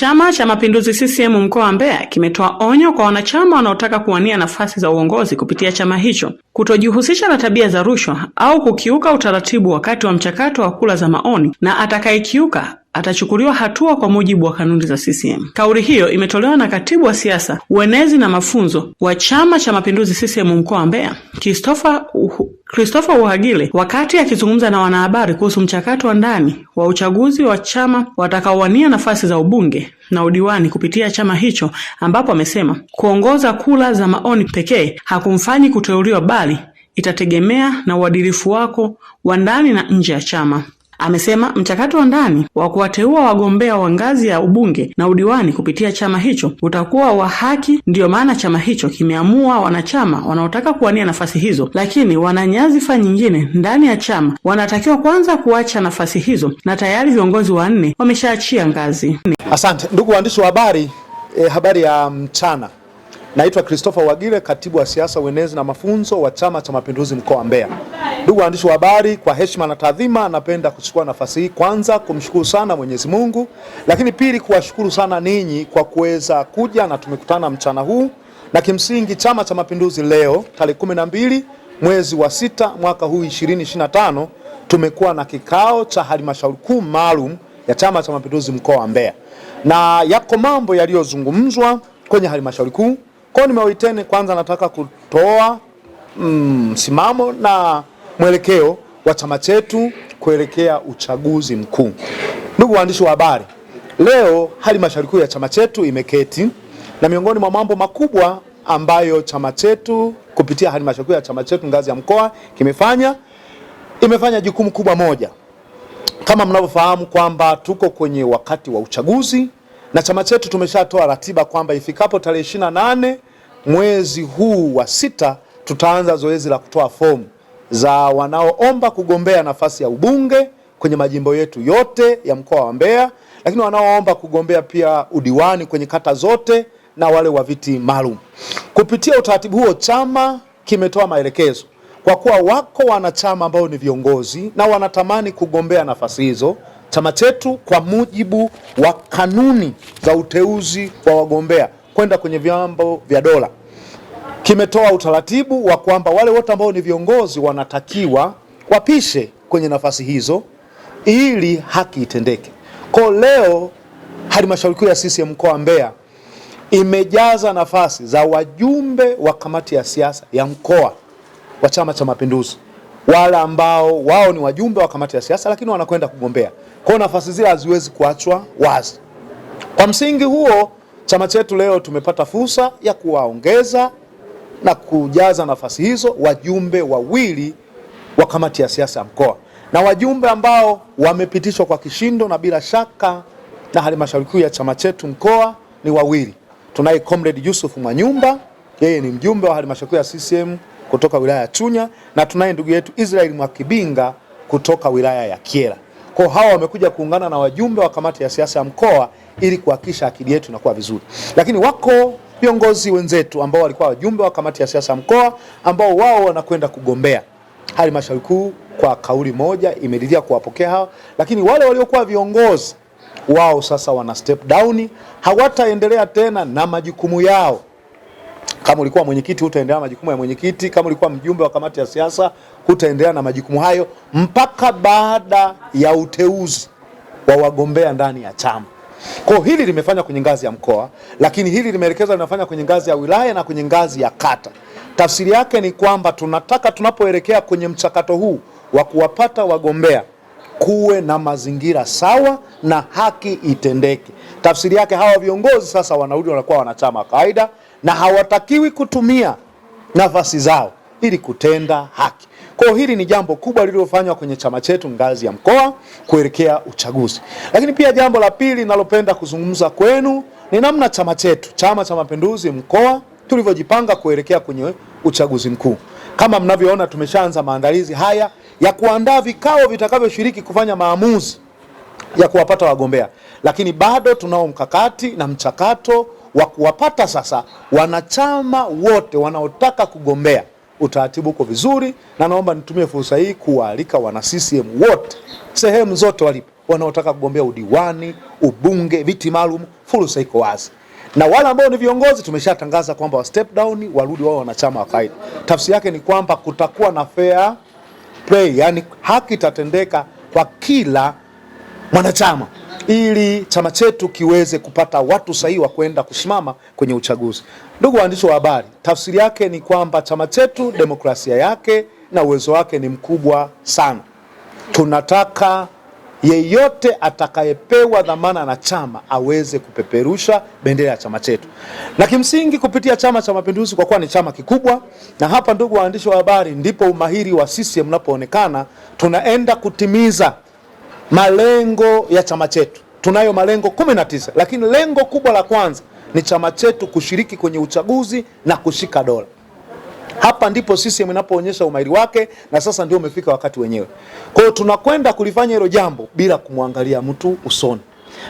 Chama cha Mapinduzi CCM mkoa wa Mbeya kimetoa onyo kwa wanachama wanaotaka kuwania nafasi za uongozi kupitia chama hicho kutojihusisha na tabia za rushwa au kukiuka utaratibu wakati wa mchakato wa kula za maoni, na atakayekiuka atachukuliwa hatua kwa mujibu wa kanuni za CCM. Kauli hiyo imetolewa na katibu wa siasa, uenezi na mafunzo wa Chama cha Mapinduzi CCM mkoa wa Mbeya, Christopher Uhu. Christopher Uhagile wakati akizungumza na wanahabari kuhusu mchakato wa ndani wa uchaguzi wa chama watakaowania nafasi za ubunge na udiwani kupitia chama hicho, ambapo amesema kuongoza kula za maoni pekee hakumfanyi kuteuliwa, bali itategemea na uadilifu wako wa ndani na nje ya chama. Amesema mchakato wa ndani wa kuwateua wagombea wa ngazi ya ubunge na udiwani kupitia chama hicho utakuwa wa haki, ndiyo maana chama hicho kimeamua wanachama wanaotaka kuwania nafasi hizo, lakini wana nyadhifa nyingine ndani ya chama wanatakiwa kwanza kuacha nafasi hizo, na tayari viongozi wanne wameshaachia ngazi. Asante ndugu waandishi wa habari. E, habari ya mchana. Naitwa Christopher Wagire, katibu wa siasa uenezi na mafunzo wa Chama cha Mapinduzi mkoa wa Mbeya. Ndugu waandishi wa habari, kwa heshima na taadhima, napenda kuchukua nafasi hii kwanza kumshukuru sana Mwenyezi Mungu, lakini pili kuwashukuru sana ninyi kwa kuweza kuja na tumekutana mchana huu, na kimsingi Chama cha Mapinduzi leo tarehe mbili mwezi wa sita mwaka huu 2025 tumekuwa na kikao cha halmashauri kuu maalum ya Chama cha Mapinduzi mkoa wa Mbeya, na yako mambo yaliyozungumzwa kwenye halmashauri kuu kwa hiyo nimewaiteni, kwanza nataka kutoa mm, msimamo mm, na mwelekeo wa chama chetu kuelekea uchaguzi mkuu. Ndugu waandishi wa habari, leo halmashauri kuu ya chama chetu imeketi na miongoni mwa mambo makubwa ambayo chama chetu kupitia halmashauri ya chama chetu ngazi ya mkoa kimefanya, imefanya jukumu kubwa moja. Kama mnavyofahamu kwamba tuko kwenye wakati wa uchaguzi na chama chetu tumeshatoa ratiba kwamba ifikapo tarehe ishirini na nane mwezi huu wa sita tutaanza zoezi la kutoa fomu za wanaoomba kugombea nafasi ya ubunge kwenye majimbo yetu yote ya mkoa wa Mbeya, lakini wanaoomba kugombea pia udiwani kwenye kata zote na wale wa viti maalum. Kupitia utaratibu huo, chama kimetoa maelekezo kwa kuwa wako wanachama ambao ni viongozi na wanatamani kugombea nafasi hizo chama chetu kwa mujibu wa kanuni za uteuzi wa wagombea kwenda kwenye vyombo vya dola kimetoa utaratibu wa kwamba wale wote ambao ni viongozi wanatakiwa wapishe kwenye nafasi hizo ili haki itendeke. Kwa leo halmashauri kuu ya CCM mkoa Mbeya imejaza nafasi za wajumbe wa kamati ya siasa ya mkoa wa Chama cha Mapinduzi, wale ambao wao ni wajumbe wa kamati ya siasa lakini wanakwenda kugombea. Kwa nafasi zile haziwezi kuachwa wazi. Kwa msingi huo, chama chetu leo tumepata fursa ya kuwaongeza na kujaza nafasi hizo wajumbe wawili wa kamati ya siasa ya mkoa na wajumbe ambao wamepitishwa kwa kishindo na bila shaka na halmashauri kuu ya chama chetu mkoa ni wawili. Tunaye comrade Yusuf Mwanyumba, yeye ni mjumbe wa halmashauri kuu ya CCM kutoka wilaya ya Chunya, na tunaye ndugu yetu Israel Mwakibinga kutoka wilaya ya Kyela. Kwa hawa wamekuja kuungana na wajumbe wa kamati ya siasa ya mkoa ili kuhakikisha akili yetu inakuwa vizuri, lakini wako viongozi wenzetu ambao walikuwa wajumbe wa kamati ya siasa ya mkoa ambao wao wanakwenda kugombea halmashauri kuu. Kwa kauli moja imeridhia kuwapokea hawa, lakini wale waliokuwa viongozi wao sasa wana step down, hawataendelea tena na majukumu yao. Kama ulikuwa mwenyekiti, hutaendelea na majukumu ya mwenyekiti. Kama ulikuwa mjumbe wa kamati ya siasa, hutaendelea na majukumu hayo mpaka baada ya uteuzi wa wagombea ndani ya chama. Kwa hili limefanya kwenye ngazi ya mkoa, lakini hili limeelekezwa linafanya kwenye ngazi ya wilaya na kwenye ngazi ya kata. Tafsiri yake ni kwamba tunataka tunapoelekea kwenye mchakato huu wa kuwapata wagombea kuwe na mazingira sawa na haki itendeke. Tafsiri yake hawa viongozi sasa wanarudi wanakuwa wanachama wa kawaida, na hawatakiwi kutumia nafasi zao ili kutenda haki. Kwa hiyo hili ni jambo kubwa lililofanywa kwenye chama chetu ngazi ya mkoa kuelekea uchaguzi. Lakini pia jambo la pili ninalopenda kuzungumza kwenu ni namna chama chetu, Chama cha Mapinduzi mkoa, tulivyojipanga kuelekea kwenye uchaguzi mkuu. Kama mnavyoona, tumeshaanza maandalizi haya ya kuandaa vikao vitakavyoshiriki kufanya maamuzi ya kuwapata wagombea, lakini bado tunao mkakati na mchakato wa kuwapata sasa wanachama wote wanaotaka kugombea. Utaratibu uko vizuri, na naomba nitumie fursa hii kuwaalika wana CCM wote sehemu zote walipo wanaotaka kugombea udiwani, ubunge, viti maalum, fursa iko wazi na wale ambao ni viongozi tumeshatangaza kwamba wa step down warudi wao wanachama wa kawaida. Tafsiri yake ni kwamba kutakuwa na fair pray, yani haki itatendeka kwa kila mwanachama ili chama chetu kiweze kupata watu sahihi wa kwenda kusimama kwenye uchaguzi. Ndugu waandishi wa habari, tafsiri yake ni kwamba chama chetu demokrasia yake na uwezo wake ni mkubwa sana. Tunataka yeyote atakayepewa dhamana na chama aweze kupeperusha bendera ya chama chetu, na kimsingi kupitia Chama cha Mapinduzi, kwa kuwa ni chama kikubwa. Na hapa, ndugu waandishi wa habari, ndipo umahiri wa CCM unapoonekana. Tunaenda kutimiza malengo ya chama chetu. Tunayo malengo 19 lakini lengo kubwa la kwanza ni chama chetu kushiriki kwenye uchaguzi na kushika dola. Hapa ndipo CCM inapoonyesha umahiri wake, na sasa ndio umefika wakati wenyewe. Kwa hiyo tunakwenda kulifanya hilo jambo bila kumwangalia mtu usoni,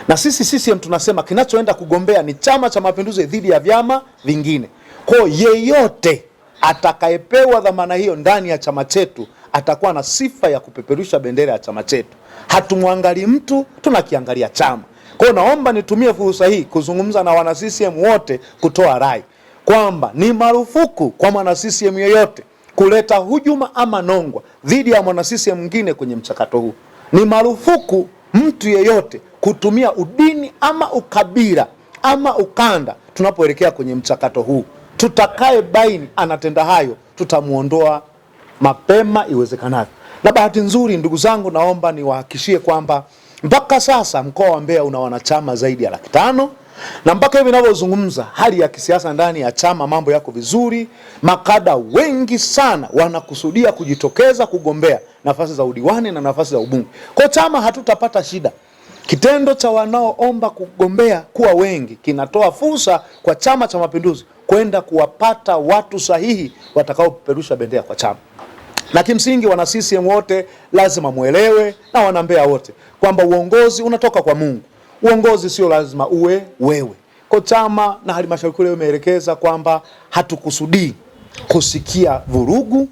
na sisi CCM tunasema kinachoenda kugombea ni Chama cha Mapinduzi dhidi ya vyama vingine. Kwa hiyo yeyote atakayepewa dhamana hiyo ndani ya chama chetu atakuwa na sifa ya kupeperusha bendera ya chama chetu. Hatumwangalii mtu, tunakiangalia chama. Kwa hiyo naomba nitumie fursa hii kuzungumza na wana CCM wote kutoa rai kwamba ni marufuku kwa mwana CCM yeyote kuleta hujuma ama nongwa dhidi ya mwana CCM mwingine kwenye mchakato huu. Ni marufuku mtu yeyote kutumia udini ama ukabila ama ukanda tunapoelekea kwenye mchakato huu. Tutakaye baini anatenda hayo, tutamwondoa mapema iwezekanavyo. Na bahati nzuri, ndugu zangu, naomba niwahakishie kwamba mpaka sasa mkoa wa Mbeya una wanachama zaidi ya laki tano na mpaka hivi ninavyozungumza, hali ya kisiasa ndani ya chama mambo yako vizuri. Makada wengi sana wanakusudia kujitokeza kugombea nafasi za udiwani na nafasi za ubunge, kwa chama hatutapata shida. Kitendo cha wanaoomba kugombea kuwa wengi kinatoa fursa kwa Chama cha Mapinduzi kwenda kuwapata watu sahihi watakaopeperusha bendera kwa chama na kimsingi wana CCM wote lazima mwelewe na wanambea wote kwamba uongozi unatoka kwa Mungu. Uongozi sio lazima uwe wewe. Kwa chama na halmashauri kule imeelekeza kwamba hatukusudii kusikia vurugu,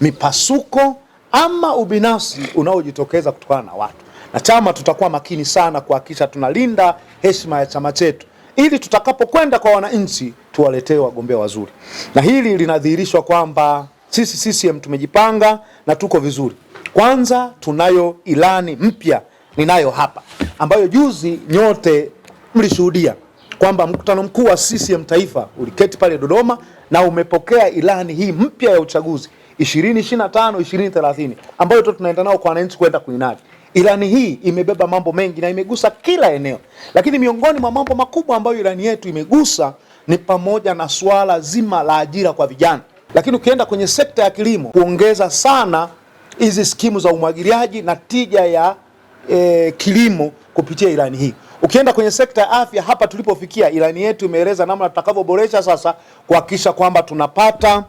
mipasuko ama ubinafsi unaojitokeza kutokana na watu, na chama tutakuwa makini sana kuhakikisha tunalinda heshima ya chama chetu ili tutakapokwenda kwa wananchi tuwaletee wagombea wazuri, na hili linadhihirishwa kwamba sisi CCM tumejipanga na tuko vizuri. Kwanza tunayo ilani mpya, ninayo hapa ambayo juzi nyote mlishuhudia kwamba mkutano mkuu wa CCM Taifa uliketi pale Dodoma na umepokea ilani hii mpya ya uchaguzi 2025 2030 ambayo tu tunaenda nao kwa wananchi kwenda kuinadi. Ilani hii imebeba mambo mengi na imegusa kila eneo, lakini miongoni mwa mambo makubwa ambayo ilani yetu imegusa ni pamoja na swala zima la ajira kwa vijana, lakini ukienda kwenye sekta ya kilimo, kuongeza sana hizi skimu za umwagiliaji na tija ya e, kilimo kupitia ilani hii. Ukienda kwenye sekta ya afya, hapa tulipofikia, ilani yetu imeeleza namna tutakavyoboresha sasa kuhakikisha kwamba tunapata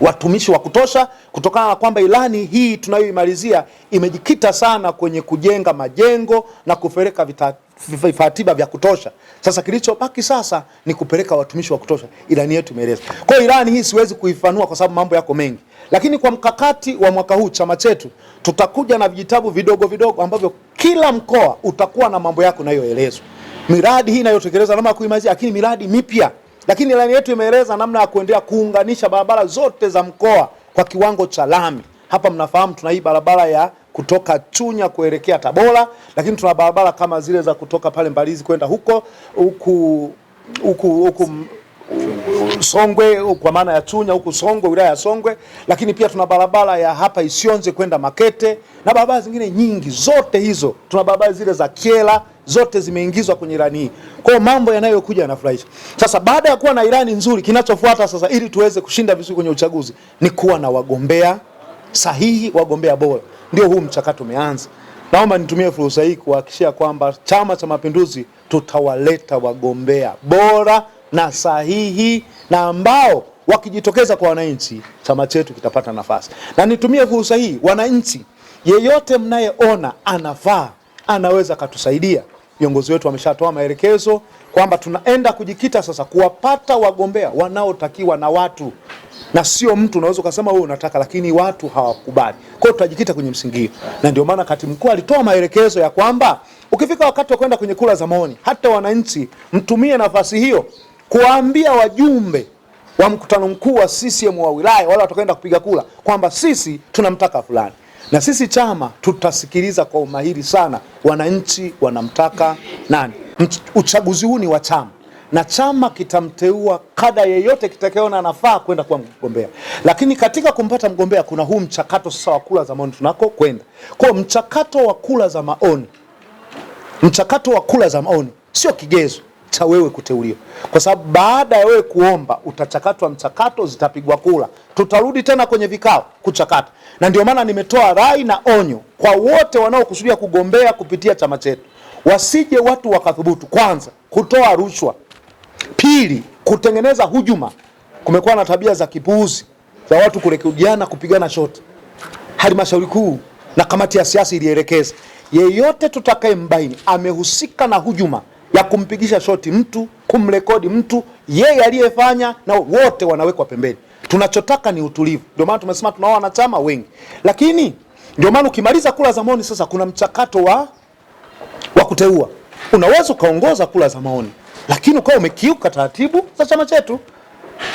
watumishi wa kutosha, kutokana na kwamba ilani hii tunayoimalizia imejikita sana kwenye kujenga majengo na kupeleka vitatu vifatiba vya kutosha. Sasa kilichobaki sasa ni kupeleka watumishi wa kutosha, ilani yetu imeeleza. Kwa hiyo ilani hii siwezi kuifanua kwa sababu mambo yako mengi, lakini kwa mkakati wa mwaka huu chama chetu tutakuja na vijitabu vidogo vidogo ambavyo kila mkoa utakuwa na mambo yako nayoelezwa, miradi hii inayotekeleza namna ya kuimarisha, lakini miradi mipya. Lakini ilani yetu imeeleza namna ya kuendelea kuunganisha barabara zote za mkoa kwa kiwango cha lami. Hapa mnafahamu tuna hii barabara ya kutoka Chunya kuelekea Tabora, lakini tuna barabara kama zile za kutoka pale Mbalizi kwenda huko huku huku huku Songwe kwa maana ya Chunya huku Songwe, wilaya ya Songwe, lakini pia tuna barabara ya hapa Isionze kwenda Makete na barabara zingine nyingi. Zote hizo tuna barabara zile za Kiela, zote zimeingizwa kwenye ilani hii. Kwa hiyo mambo yanayokuja yanafurahisha. Sasa baada ya kuwa na ilani nzuri, kinachofuata sasa, ili tuweze kushinda vizuri kwenye uchaguzi, ni kuwa na wagombea sahihi wagombea bora. Ndio huu mchakato umeanza. Naomba nitumie fursa hii kuhakikishia kwamba Chama cha Mapinduzi tutawaleta wagombea bora na sahihi na ambao wakijitokeza kwa wananchi, chama chetu kitapata nafasi. Na nitumie fursa hii, wananchi, yeyote mnayeona anafaa, anaweza akatusaidia viongozi wetu wameshatoa maelekezo kwamba tunaenda kujikita sasa kuwapata wagombea wanaotakiwa na watu, na sio mtu unaweza ukasema wewe unataka lakini watu hawakubali. Kwa hiyo tutajikita kwenye msingi hiyo, na ndio maana katibu mkuu alitoa maelekezo ya kwamba ukifika wakati wa kwenda kwenye kura za maoni, hata wananchi mtumie nafasi hiyo kuwaambia wajumbe wa mkutano mkuu wa CCM wa wilaya wale watakaenda kupiga kura kwamba sisi tunamtaka fulani na sisi chama tutasikiliza kwa umahiri sana. Wananchi wanamtaka nani? Uchaguzi huu ni wa chama na chama kitamteua kada yeyote kitakayoona anafaa kwenda kuwa mgombea, lakini katika kumpata mgombea kuna huu mchakato sasa wa kura za maoni tunako kwenda kwa mchakato wa kura za maoni. Mchakato wa kura za maoni sio kigezo, cha wewe kuteuliwa, kwa sababu baada ya wewe kuomba utachakatwa mchakato, zitapigwa kura, tutarudi tena kwenye vikao kuchakata. Na ndio maana nimetoa rai na onyo kwa wote wanaokusudia kugombea kupitia chama chetu, wasije watu wakathubutu kwanza kutoa rushwa, pili kutengeneza hujuma. Kumekuwa na tabia za kipuuzi za watu kurekodiana kupigana shoti. Halmashauri kuu na kamati ya siasa ilielekeza yeyote mbaini amehusika na hujuma ya kumpigisha shoti mtu, kumrekodi mtu, yeye aliyefanya, na wote wanawekwa pembeni. Tunachotaka ni utulivu. Ndio maana tumesema tunao wanachama wengi, lakini ndio maana ukimaliza kura za maoni sasa kuna mchakato wa wa kuteua. Unaweza ukaongoza kura za maoni, lakini ukawa umekiuka taratibu za chama chetu.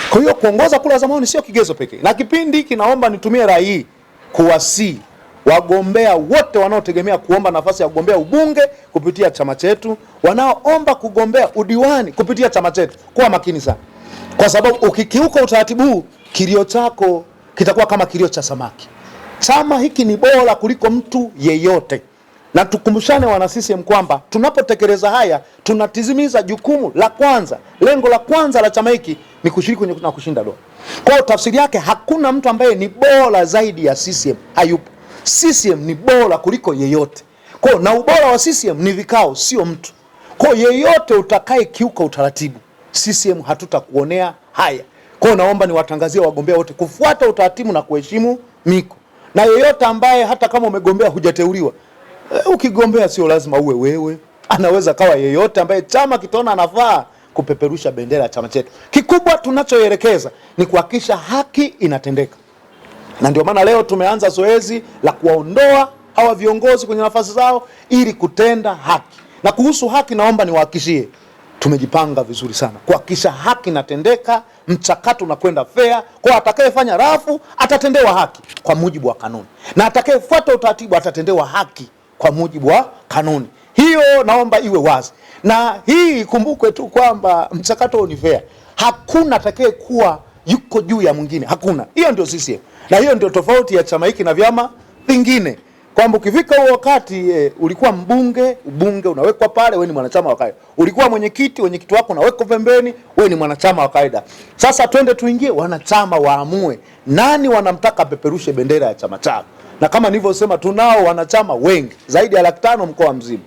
Kwa hiyo kuongoza kura za maoni sio kigezo pekee, na kipindi kinaomba nitumie rai kuwasii wagombea wote wanaotegemea kuomba nafasi ya kugombea ubunge kupitia chama chetu, wanaoomba kugombea udiwani kupitia chama chetu, kuwa makini sana, kwa sababu ukikiuka utaratibu huu, kilio chako kitakuwa kama kilio cha samaki. Chama hiki ni bora kuliko mtu yeyote, na tukumbushane wana CCM kwamba tunapotekeleza haya tunatizimiza jukumu la kwanza, lengo la kwanza la chama hiki ni kushiriki na kushinda dola. Kwa hiyo tafsiri yake hakuna mtu ambaye ni bora zaidi ya CCM, hayupo. CCM ni bora kuliko yeyote kwa, na ubora wa CCM ni vikao, sio mtu. Kwa yeyote utakaye kiuka utaratibu CCM hatutakuonea haya. Kwa naomba niwatangazie wagombea wote kufuata utaratibu na kuheshimu miko, na yeyote ambaye hata kama umegombea hujateuliwa, eh, ukigombea sio lazima uwe wewe, anaweza kawa yeyote ambaye chama kitaona anafaa kupeperusha bendera ya chama chetu. Kikubwa tunachoelekeza ni kuhakikisha haki inatendeka na ndio maana leo tumeanza zoezi la kuwaondoa hawa viongozi kwenye nafasi zao ili kutenda haki. Na kuhusu haki, naomba niwahakishie tumejipanga vizuri sana kuhakikisha haki inatendeka, mchakato unakwenda fair. Kwa atakayefanya rafu atatendewa haki kwa mujibu wa kanuni, na atakayefuata utaratibu atatendewa haki kwa mujibu wa kanuni. Hiyo naomba iwe wazi, na hii ikumbukwe tu kwamba mchakato ni fair, hakuna atakayekuwa yuko juu ya mwingine, hakuna. Hiyo ndio CCM na hiyo ndio tofauti ya chama hiki na vyama vingine, kwamba ukifika huo wakati e, ulikuwa mbunge, ubunge unawekwa pale, wewe ni mwanachama wa kawaida. Ulikuwa mwenyekiti, mwenyekiti wako unawekwa pembeni, wewe ni mwanachama wa kawaida. Sasa twende tuingie, wanachama waamue nani wanamtaka apeperushe bendera ya chama chao, na kama nilivyosema, tunao wanachama wengi zaidi ya laki tano mkoa mzima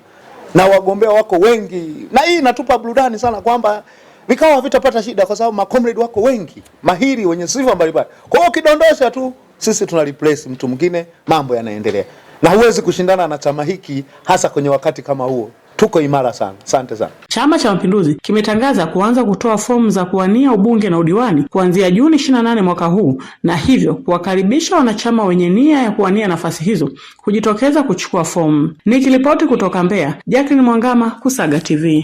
na wagombea wako wengi, na hii inatupa burudani sana kwamba vikao havitapata shida, kwa sababu makomredi wako wengi mahiri wenye sifa mbalimbali. Kwa hiyo ukidondosha tu, sisi tuna replace mtu mwingine, mambo yanaendelea, na huwezi kushindana na chama hiki, hasa kwenye wakati kama huo. Tuko imara sana, asante sana. Chama cha Mapinduzi kimetangaza kuanza kutoa fomu za kuwania ubunge na udiwani kuanzia Juni 28 mwaka huu, na hivyo kuwakaribisha wanachama wenye nia ya kuwania nafasi hizo kujitokeza kuchukua fomu. Nikiripoti kutoka Mbeya, Jacqueline Mwangama, Kusaga TV.